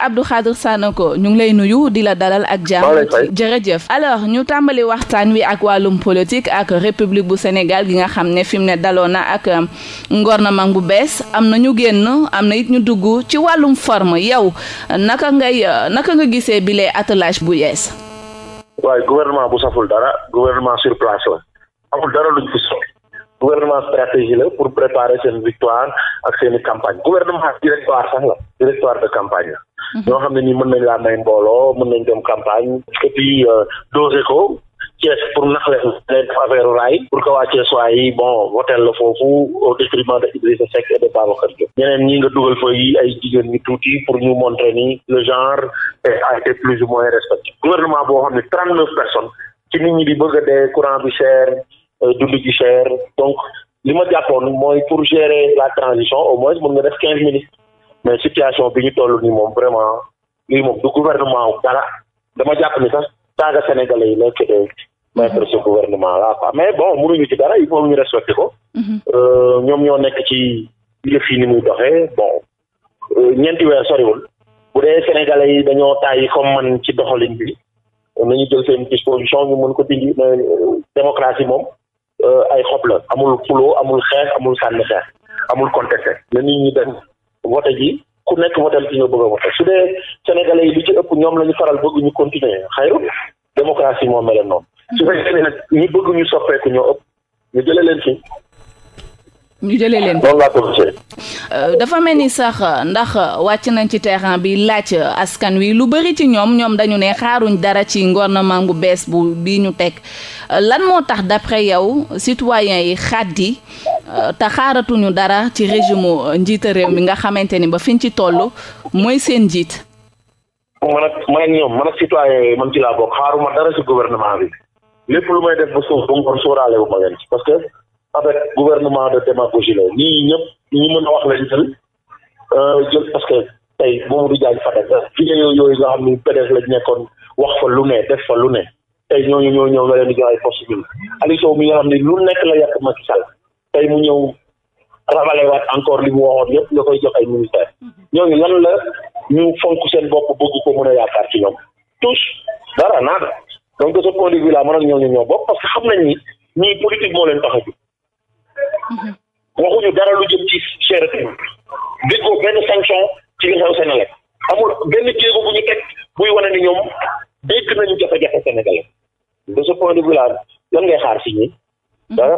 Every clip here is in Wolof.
Abdou Khadre ko ñu ngi lay nuyu di la dalal ak jàmm jërëjëf alors ñu tàmbali waxtaan wi ak wàllum politique ak république bu Sénégal gi nga xam ne fi mu ne daloo na ak ngornamang um, bu bees am na ñu génn am na it ñu dugg ci wàllum forme yow naka ngay uh, naka nga gisee bile attelage bu yees waaye gouvernement bu saful dara gouvernement sur place la amul dara luñ fi sol gouvernement stratégie la pour préparer seen victoire ak seen campagne gouvernement directoire sax la directoire ñoo mhm. xam ne nii mën nañ laa may mbooloo mën nañ dem campagne et puis euh, dosé ko Thiès pour nax leen leen def affaire raay pour que waa Thiès waa bon votel la foofu au détriment de Idrissa Seck et de Babacar Diop ñeneen ñi nga dugal fa yi ay jigéen ñi tuuti pour ñu montrer ni le genre a été plus ou moins respecté gouvernement boo xam ne trente neuf personnes ci nit ñi di bëgg a dee courant bi cher euh, dund gi cher donc li ma jàppoon mooy pour gérer la transition au moins mën nga def quinze mais situation bi ñu toll nii moom vraiment lii moom du gouvernement dara dama jàpp ni sax taaga sénégalais yi la kete mettre ce gouvernement là quoi ñu bon mënuñu ci dara il faut ñu respecté ko. Mhm. Euh, ñoom ñoo nekk ci yëf yi ni muy doxe bon euh, ñeenti weer soriwul. bu dee sénégalais yi dañoo tàyyi comme man ci doxalin bi nañu jël seen disposition ñu mën ko dindi euh, démocratie moom ay xob la amul xulo amul xeex amul sànni xeex amul contesté na nit ñi dem vote ji ku nekk votel ci nga bëgg a vote su dee sénégalais yi li ci ëpp ñoom la ñu faral bëgg ñu continuer xayru démocratie moo mel noonu su fekkee ne nag ñi bëgg ñu soppeeku ñoo ëpp ñu jëlee leen fi ñu jëlee leen euh, dafa mel ni sax ndax wàcc nañ ci terrain bi laaj askan wi lu bari ci ñoom ñoom dañu ne xaaruñ dara ci gouvernement bu bees bu bi ñu teg euh, lan moo tax d'après yow citoyens yi xaddi euh, te xaaratuñu dara ci régime njiita réew mi nga xamante ni ba fiñ ci toll mooy seen njiit. man ak man ak ñoom yi man ci laa bokk xaaruma dara ci gouvernement bi lépp lu may def ba suuf ba mu leen parce avec gouvernement de démagogie la nii ñëpp ñu mën a wax lañ jël euh, jël parce que tey boobu du jaay Fatick jigéen yooyu nga xam ni PDS lañ nekkoon wax fa lu ne def fa lu ne tey ñooñu ñoo ñëw nga leen di jox ay possible Aliou mi nga xam ni lu nekk la yàq Macky Sall tey mu ñëw rabalé waat encore li mu waxoon yëpp nga koy jox ay ministère mm-hmm. ñooñu lan la ñu fonk seen bopp bëgg ko mën a yaakaar ci ñoom tous dara naada donc de ce point de vue là ak ñooñu ñoo bokk parce que xam nañ ni ñii politique a jóg Mm-hmm. waxuñu dara lu jëm ci cherté déggoo benn sanction ci li xew Sénégal amul benn jéego bu ñu teg buy wane ni ñoom dégg nañu jafe-jafe Sénégal de ce point de vue là lan ngay xaar si ñi Euh,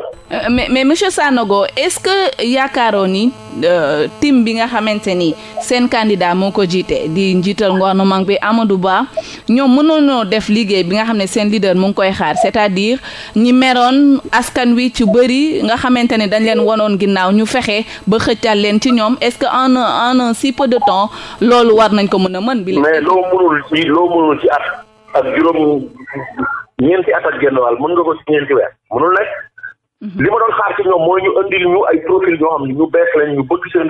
mais mais monsieur Sanogo est-ce que yaakaaroon ni euh, team bi nga xamante ni seen candidat moo ko jiite di njiital man bi Amadou Ba ñoom mënoonoo def liggéey bi nga xam ne seen leader mu ngi koy xaar cest à diir ñi meroon askan wi ci bëri nga xamante ne dañ leen wanoon ginnaaw ñu fexe ba xëccal leen ci ñoom est-ce que en un en si peu de temps loolu war nañ ko mën a mën. bi mais loo mënul ci loo ci at ak juróom ñeenti at ak genn wàll mën nga ko ci ñeenti weer mënul nekk. Mhm. li ma doon xaar ci ñoom mooy ñu indil ñu ay profil ñoo xam ne ñu bees lañ ñu bëgg seen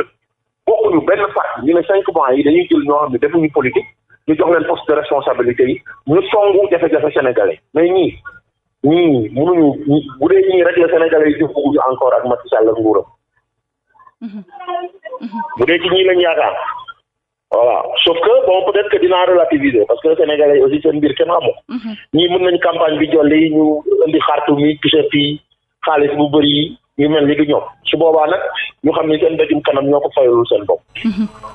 bokkuñu benn parti ñu ne cinq mois yi dañuy jël ñoo xam ne ñu politique ñu jox leen poste de responsabilité yi ñu songu jafe-jafe sénégalais mais ñii ñii mënuñu bu dee ñii rek la sénégalais yi jëf bëgguñu encore ak Macky Sall nguuram mhm. Mhm. bu dee ci ñii lañ yaakaar voilà sauf que bon peut-être que dinaa relativiser parce que sénégalais yi aussi seen mbir kenn xamu ñii mën nañ campagne bi jolli ñu indi xartu mi xaalis bu bëri yi ñu mel ni du ñoom su boobaa nag ñu xam ne seen bëjum kanam ñoo ko fayalul seen bopp.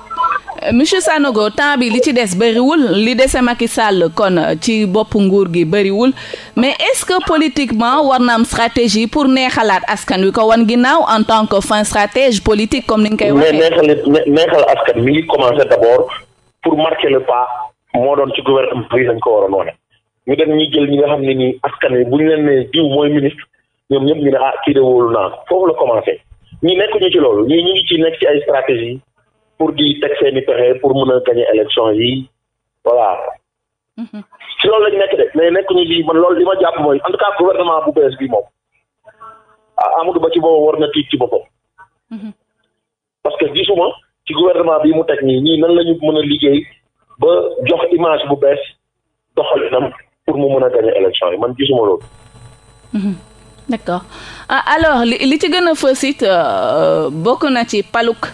monsieur Sanogo temps bi li ci des bëriwul li dese Macky Sall kon ci bopp nguur gi bëriwul mais est-ce que politiquement war na am stratégie pour neexalaat askan wi ko wan ginnaaw en tant que fin stratège politique comme ni nga koy waxee. mais neexal neexal askan mi ngi commencé d'abord pour marquer le pas moo doon ci gouvernement bi lañ ko waroon wane ñu dem ñi jël ñu ñoom ñëpp ñu ne ah kii de wóolu naa foofu la commencé ñi nekk ñu ci loolu ñii ñu ngi ci nekk ci ay stratégie pour di teg seen i pexe pour mën a gagner élection yi voilà mhm. ci loolu lañ nekk mais nekk ñu ci man loolu li ma jàpp mooy en tout cas gouvernement bu bi moom ah, Amadou Ba ci boobu war na tiit ci boppam mhm. parce que gisuma ci gouvernement bi mu teg nii ñii nan la ñu mën a liggéey ba jox image bu bees doxalinam pour mu mën a gagner élection yi man gisuma loolu mhm. d' accord ah, alors li ci gën a fës it euh, bokk na ci paluk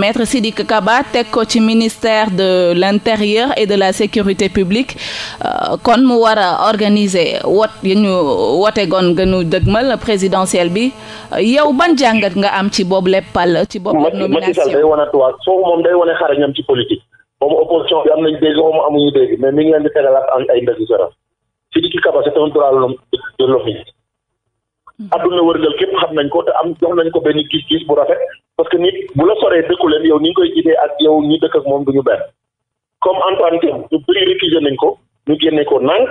maître Sidiki Kaba teg ko ci ministère de l' intérieur et de la sécurité publique euh, kon mu war a organiser wot yi ñu wote goon gënu la présidentielle bi euh, yow ban jàngat nga am ci boobu lépp pal ci boobu nomination Macky Sall day wane tuwaat soo moom day wane xarañam ci politique moom opposition bi am nañu dégg moom amuñu dégg mais mi ngeen leen di tegalaat ay ndëgg sërëf Sidiki Kaba c'est un droit de l'homme Mm-hmm. adduna wërgal képp xam nañ ko te am jox nañ ko benn gis-gis bu rafet parce que nit bu la soree dëkku leen yow ni nga koy gisee ak yow ñi dëkk ak moom du ñu benn comme Antoine Diome ñu bëri réfugié nañ ko ñu génne ko nànk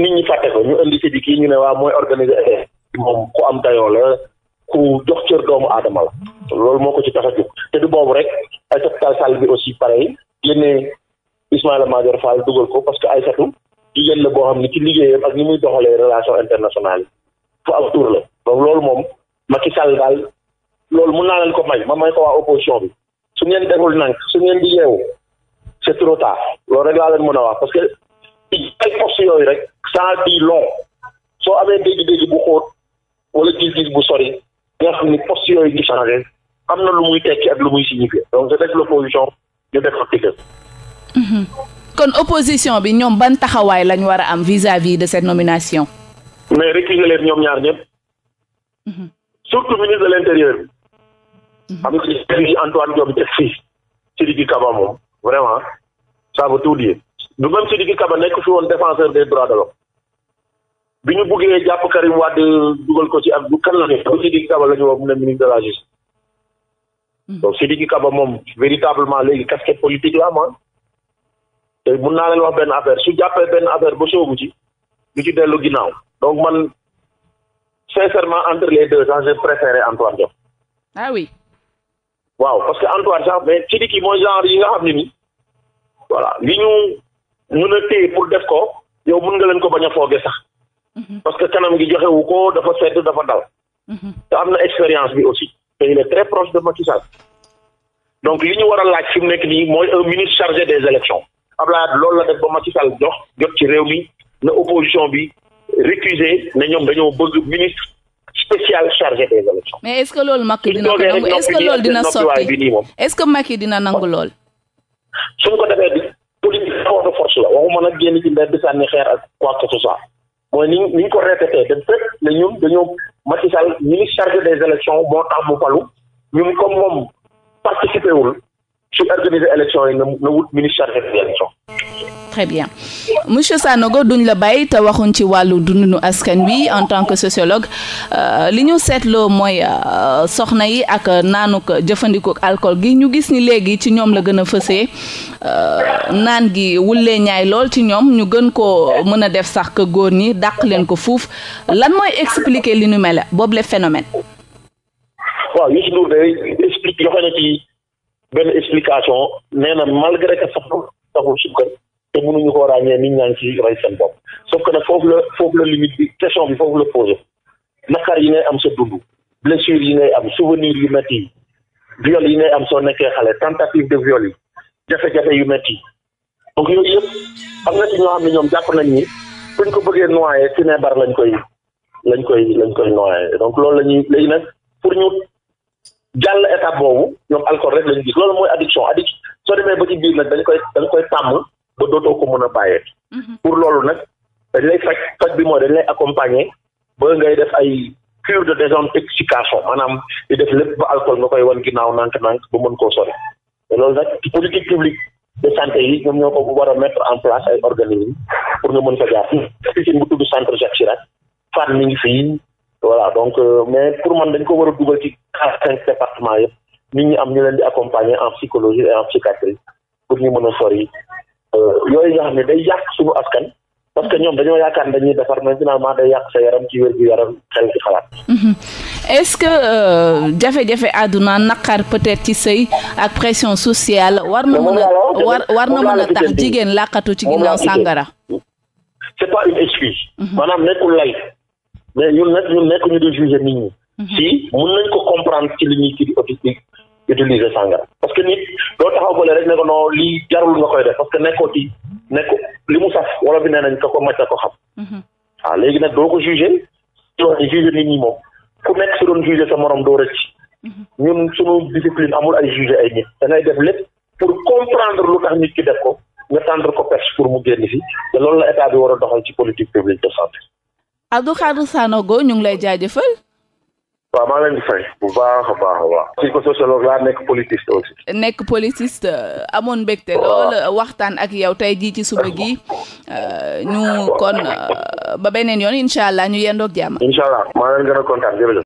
nit ñi fàtte ko ñu indi si di kii ñu ne waa mooy organiser élection moom ku am dayoo la ku jox cër doomu aadama la loolu moo ko ci tax te du boobu rek Aïssata Sall bi aussi pareil génne Ismaïla Madior Fall dugal ko parce que Aïssatou jigéen la boo xam ne ci liggéeyam ak ni muy doxalee relation internationale yi fu am tur la donc loolu moom Macky Sall daal loolu mun naa leen ko may ma may ko waa opposition bi su ngeen deful nank su ngeen di yeewu c'est trop loolu rek laa leen mën a wax parce que ay postes yooyu rek sans di soo amee dégg bu xóot wala gis-gis bu sori nga xam ni postes yooyu di changé am na lu muy tekki ak lu muy signifié donc c'est l'opposition ñu def ko mhm. kon opposition bi ñoom ban taxawaay lañ war a am vis-à-vis de cette nomination. mais récuser leen ñoom ñaar ñëpp. Mhm. surtout ministre de l' intérieur. Mhm. am na ci Antoine Diome teg fii Sidiki Kaba moom vraiment ça veut tout dire du même Sidiki Kaba nekk fi woon défenseur des droits de l'homme bi ñu buggee jàpp Karim Wade dugal ko ci ak du kan la ne bu Kaba ñu wax mu ne ministre de la justice mhm. moom véritablement léegi casquette politique la am ah. te mun naa leen wax benn affaire su jàppee benn affaire ba soobu ci du ci dellu ginnaaw donc man sincèrement entre les deux sax j'ai préféré Antoine Diop. ah waaw parce que Antoine sax mais ci Sidiki mooy genre yi nga xam ne nii voilà li ñu mën a téye pour def ko yow mën nga leen ko bañ a sax. Mhm. parce que kanam gi joxewu ko dafa sedd dafa dal. Mhm. te am na expérience bi aussi. te il est très proche de Macky Sall. donc li ñu war a laaj fi mu nekk nii mooy un ministre chargé des élections Abdoulaye loolu la def ba Macky Sall jox jot ci réew mi na opposition bi récusé na ñoom dañoo bëgg ministre spécial chargé des élections. mais est-ce que loolu Macky dina est-ce que loolu dina sotti est dina nangu lool. suñ ko defee di politique force la waxuma nag génn ci mbedd sànni xeer ak quoi que ce mooy ni ni ñu ko répété dem fekk ne ñun dañoo Macky Sall ministre chargé des élections moo tax mu falu ñun comme moom participé suñ organiser élection yi na wut ministre monsieur Sanogo duñ la bàyyi te waxuñ ci wàllu dundinu askan wi en tant que sociologue euh, li ñu seetloo mooy euh, soxna yi ak naanuk jëfandikoo alcool gi ñu gis ni léegi ci ñoom la gën a fësee euh, naan gi wullee ñaay lool ci ñoom ñu gën koo mën a def sax que góor ñi dàq leen ko fuuf lan mooy explique li ñu mel boobu le phénomène benn explication nee na malgré que saxul saxul te mënuñu ko ràññee nit ñaa ngi ci rey seen bopp sauf que nag foofu la foofu la limite bi question bi foofu la posé nakar yi ngay am sa dund blessure yi ngay am souvenir yu métti yi viol yi ngay am soo nekkee xale tentative de viol yi jafe-jafe yu métti yi donc yooyu yëpp am na ci ñoo xam ne ñoom jàpp nañ ni buñ ko bëggee noyé ci ne bar lañ koy lañ koy lañ donc loolu la ñuy léegi nag pour ñu jàll étape boobu ñoom alcool rek lañu gis loolu mooy addiction addiction soo demee ba ci biir nag dañ koy dañ koy tàmm ba dootoo ko mën a bàyyee mhm. pour loolu nag dañ lay faj faj bi mooy dañ lay accompagner ba ngay def ay cure de désintoxication maanaam di def lépp ba alcool nga koy wan ginnaaw nànk-nànk ba mën koo sori te loolu nag politique publique de santé yi ñoom ñoo ko war a mettre en place ay organisme pour nga mën ko jaar piscine bu tudd centre euh, pour man dañ ko war a à cinq département yëpp nit ñi am ñu leen di accompagner en psychologie et en pour ñu mën a sori euh, yooyu nga xam ne day yàq suñu askan parce que ñoom dañoo yaakaar ne dañuy defar mais finalement day yàq sa yaram ci wér gu yaram xel ci xalaat. Mhm. est-ce que euh, jafe-jafe àdduna naqar peut-être ci sëy ak pression sociale war na mën a war war na mën a tax jigéen làqatu ci ginnaaw sàngara. c'est pas une mhm. maanaam nekkul lay mais ñun nekk ñu di juger nit ñi. Mhm. si mën nañ ko comprendre ci li ñuy kii di autistique utiliser sàngara parce que nit doo taxaw bële rek ne ko non lii jarul nga koy def parce que nekkoo ci nekk li mu saf wala bi nee nañ ko ko macca ko xam waaw mhm. ah, léegi nag doo ko jugé ci wax ni jugé nit moom ku nekk su doon jugé sa morom doo rëcc mhm. ñun suñu discipline amul ay jugé ay nit da ngay def lépp pour comprendre lu tax nit ki def ko nga tendre ko perche pour mu génn fi te loolu la état bi war a doxal ci politique publique de santé Abdou Khadre Sanogo ñu ngi waaw maa leen di fay bu baax a baax a baax. psychosociologue laa nekk politiste aussi. nekk politiste euh, amoon mbégte lool euh, waxtaan ak yow tey jii ci suba gi euh, ñu kon ba beneen yoon incha allah ñu yendoog jàmm. incha allah maa leen gën a kontaan jërëjëf.